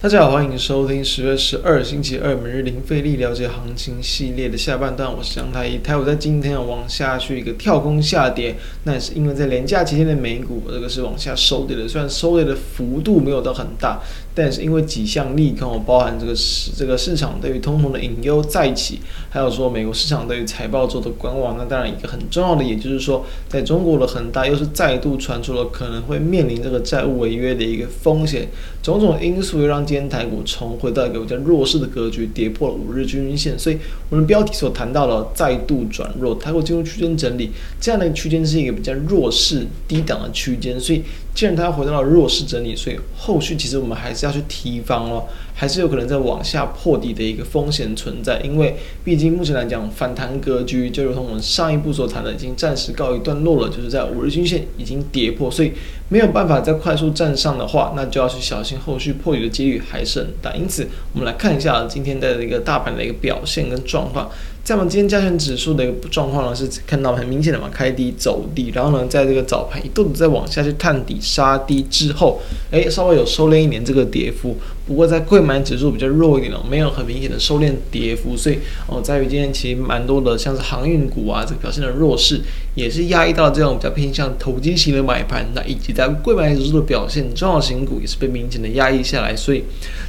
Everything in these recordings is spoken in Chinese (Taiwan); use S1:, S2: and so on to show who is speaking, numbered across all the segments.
S1: 大家好，歡迎收聽十月十二星期二每日零費力了解行情系列的下半段。我是江太一。台股在今天往下去一個跳空下跌，那也是因為在連假期間的美股，我這個是往下收跌的，雖然收跌的幅度沒有到很大。但是因為幾項利空包含這個市這個市場對於通膨的隱憂再起，還有說美國市場對於財報做的觀望，那當然一個很重要的，也就是說在中國的恆大又是再度傳出了可能會面臨這個債務違約的一個風險，種種因素又讓今天台股重回到一個比較弱勢的格局，跌破了五日均均線，所以我們標題所談到了再度轉弱，台股進入區間整理，這樣的區間是一個比較弱勢低檔的區間，所以既然它回到了弱勢整理，所以後續其實我們還是要他去提防了。還是有可能在往下破底的一個風險存在，因為畢竟目前來講，反彈格局就如同我們上一步所談的，已經暫時告一段落了。就是在五日均線已經跌破，所以沒有辦法再快速站上的話，那就要去小心後續破底的幾率還是很大。因此，我們來看一下、啊、今天的一個大盤的一個表現跟狀況。在我們今天加權指數的一個狀況呢，是看到很明顯的嘛，開低走低，然後呢，在這個早盤一度的在往下去探底殺低之後，誒、欸，稍微有收斂一點這個跌幅。不過在櫃買指數比較弱一點了，沒有很明顯的收斂跌幅，所以哦，在於今天其實蠻多的像是航運股啊，這個、表現的弱勢，也是壓抑到了這種比較偏向投機型的買盤，那以及在櫃買指數的表現，中小型股也是被明顯的壓抑下來，所以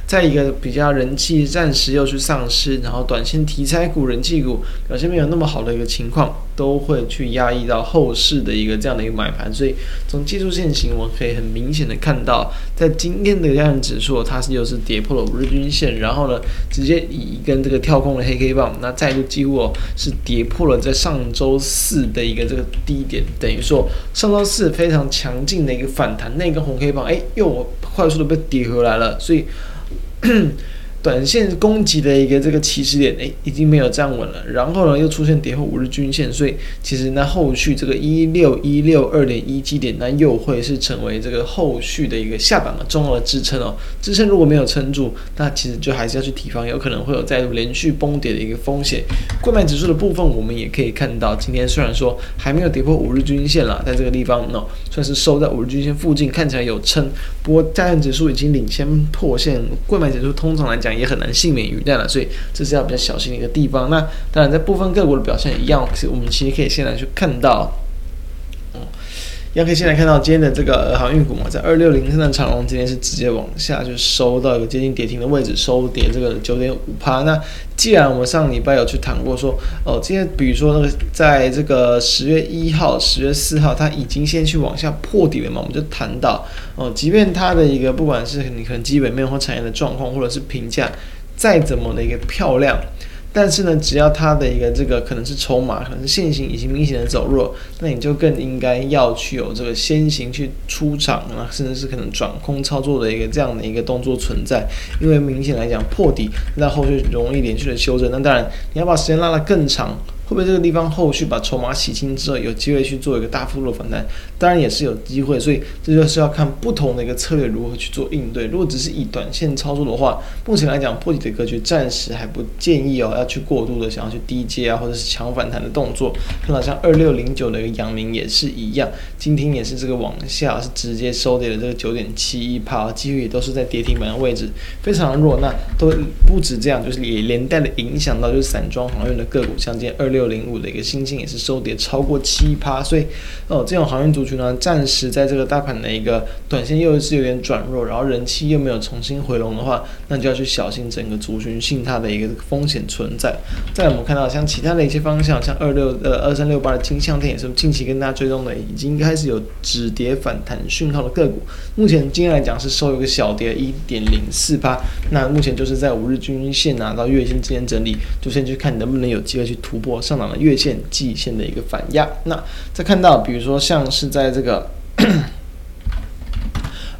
S1: 在一個比較人氣暫時又去喪失，然後短線題材股、人氣股表現沒有那麼好的一個情況。都會去壓抑到後市的一個這樣的一個買盤，所以從技術線型，我們可以很明顯的看到，在今天的這樣指數、哦，它是又是跌破了五日均線，然後呢，直接以一根這個跳空的黑 K 棒，那再度幾乎、哦、是跌破了在上週四的一個這個低點，等於說上週四非常強勁的一個反彈，那根紅 K 棒，哎，又快速的被抵回來了，所以。 短線攻擊的一個這個起始點，哎、欸，已經沒有站穩了。然後呢，又出現跌破五日均線，所以其實那後續這個一六一六二點一幾點，那又會是成為這個後續的一個下板的重要的支撐哦。支撐如果沒有撐住，那其實就還是要去提防，有可能會有再度連續崩跌的一個風險。櫃買指數的部分，我們也可以看到，今天雖然說還沒有跌破五日均線了，在這個地方，呢、no,，算是收在五日均線附近，看起來有撐。不過加權指數已經領先破線，櫃買指數通常來講，也很難幸免於難了，所以這是要比較小心的一個地方。那當然，在部分個股的表現也一樣。我們其實可以現在去看到。大家可以先來看到今天的這個、呃、航運股嘛，在二六零三的長榮今天是直接往下就收到一個接近跌停的位置，收跌這個九點五趴。那既然我們上禮拜有去談過說，說、呃、哦，今天比如說那個在這個十月一號、十月四號，它已經先去往下破底了嘛，我們就談到哦、呃，即便它的一個不管是你可能基本面或產業的狀況，或者是評價再怎麼的一個漂亮。但是呢，只要它的一個這個可能是籌碼，可能是線形已經明顯的走弱，那你就更應該要去有這個先行去出場啊，甚至是可能轉空操作的一個這樣的一個動作存在，因為明顯來講破底，那後續容易連續的修正。那當然，你要把時間拉得更長。會不會這個地方後續把籌碼洗清之後，有機會去做一個大幅度的反彈？當然也是有機會，所以這就是要看不同的一個策略如何去做應對。如果只是以短線操作的話，目前來講破底的格局暫時還不建議哦，要去過度的想要去低接啊，或者是強反彈的動作。看到像二六零九的一個陽明也是一樣，今天也是這個往下是直接收跌的，這個九點七一趴，幾乎也都是在跌停板的位置，非常弱。那都不止這樣，就是也連帶的影響到就是散裝航運的個股，像今天二六。六零五的一個新興，興也是收跌超過七趴，所以哦，這種航運族群呢，暫時在這個大盤的一個短線又是有點轉弱，然後人氣又沒有重新回籠的話，那你就要去小心整個族群性它的一個風險存在。在我們看到像其他的一些方向，像二六呃二三六八的金像電也是近期跟大家追蹤的，已經開始有止跌反彈訊號的個股。目前今天來講是收一個小跌一點零四趴，那目前就是在五日均線拿、啊、到月線之間整理，就先去看你能不能有機會去突破。上漲的月線、季線的一個反壓，那再看到，比如說像是在這個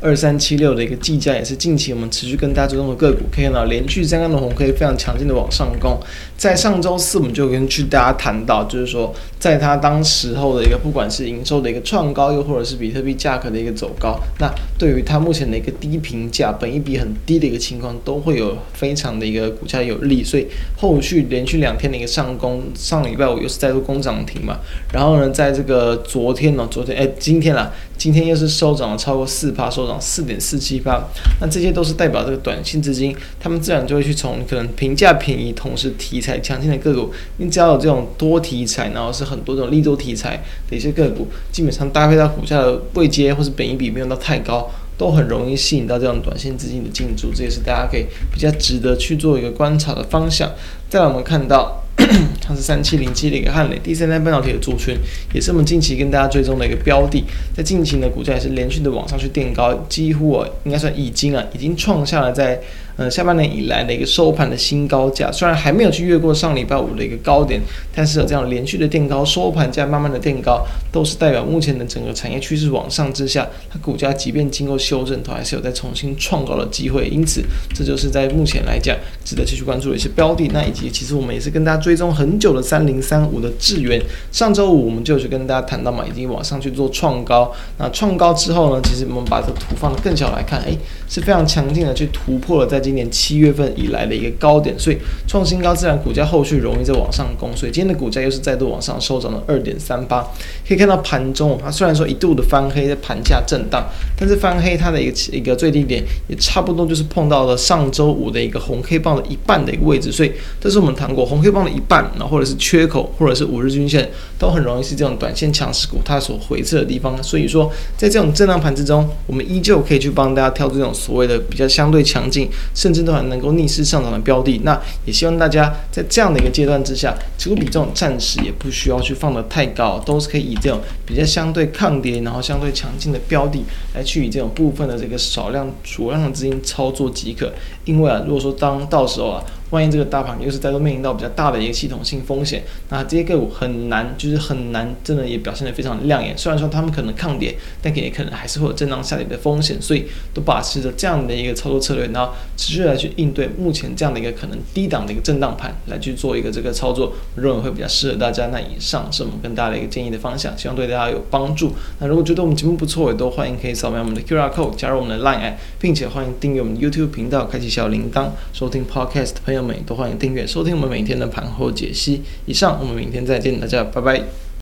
S1: 二三七六的一個技嘉，也是近期我們持續跟大家追蹤的個股，可以看到連續三根的紅，可以非常強勁的往上攻。在上周四，我們就跟去大家談到，就是說。在它當時候的一個，不管是營收的一個創高，又或者是比特幣價格的一個走高，那對於它目前的一個低評價、本益比很低的一個情況，都會有非常的一個股價有利。所以後續連續兩天的一個上攻，上禮拜五又是再度攻漲停嘛。然後呢，在這個昨天呢、哦，昨天哎，今天啊，今天又是收漲了超過四趴，收漲四點四七趴。那這些都是代表這個短線資金，他們自然就會去從可能評價便宜，同時題材強勁的個股。你只要有這種多題材，然後是很多種利多題材的一些個股，基本上搭配到股價的位階或是本益比沒有到太高，都很容易吸引到這樣短線資金的進駐，這也是大家可以比較值得去做一個觀察的方向。再來，我們看到。 它是三七零七的一個漢磊，第三代半導體的族群，也是我們近期跟大家追蹤的一個標的，在近期呢，股價也是連續的往上去墊高，幾乎啊、哦，應該算已經啊，已經創下了在呃下半年以來的一個收盤的新高價。雖然還沒有去越過上禮拜五的一個高點，但是有這樣連續的墊高，收盤價慢慢的墊高，都是代表目前的整個產業趨勢往上之下，它股價即便經過修正，它還是有在重新創高的機會。因此，這就是在目前來講，值得繼續關注的一些標的。那以及其實我們也是跟大家追蹤很。久的三零三五的智原，上周五我們就去跟大家談到嘛，已經往上去做創高。那創高之後呢，其實我們把這圖放得更小來看，哎、欸，是非常強勁的去突破了，在今年七月份以來的一個高點。所以創新高，自然股價後續容易再往上攻。所以今天的股價又是再度往上收漲了二點三八。可以看到盤中它雖然說一度的翻黑，在盤下震盪，但是翻黑它的一個一個最低點也差不多就是碰到了上周五的一個紅 K 棒的一半的一個位置。所以這是我們談過紅 K 棒的一半，或者是缺口，或者是五日均線，都很容易是這種短線強勢股它所回撤的地方。所以說，在這種震盪盤之中，我們依舊可以去幫大家挑這種所謂的比較相對強勁，甚至都還能夠逆勢上漲的標的。那也希望大家在這樣的一個階段之下，持股比重暫時也不需要去放得太高，都是可以以這種比較相對抗跌，然後相對強勁的標的來去以這種部分的這個少量少量的資金操作即可。因為啊，如果說當到時候啊。萬一這個大盤又是再度面臨到比較大的一個系統性風險，那這些個股很難，就是很難，真的也表現得非常亮眼。雖然說他們可能抗跌，但也可能還是會有震盪下跌的風險。所以都保持着這樣的一個操作策略，然後持續來去應對目前這樣的一個可能低檔的一個震盪盤來去做一個這個操作，我認為會比較適合大家。那以上是我們跟大家的一個建議的方向，希望對大家有幫助。那如果覺得我們節目不錯，也都歡迎可以掃描我們的 QR code 加入我們的 Line App，並且歡迎訂閱我們 YouTube 頻道，開啟小鈴鐺，收聽 Podcast 的朋友，都歡迎訂閱收聽我們每天的盤後解析。以上，我們明天再見，大家拜拜。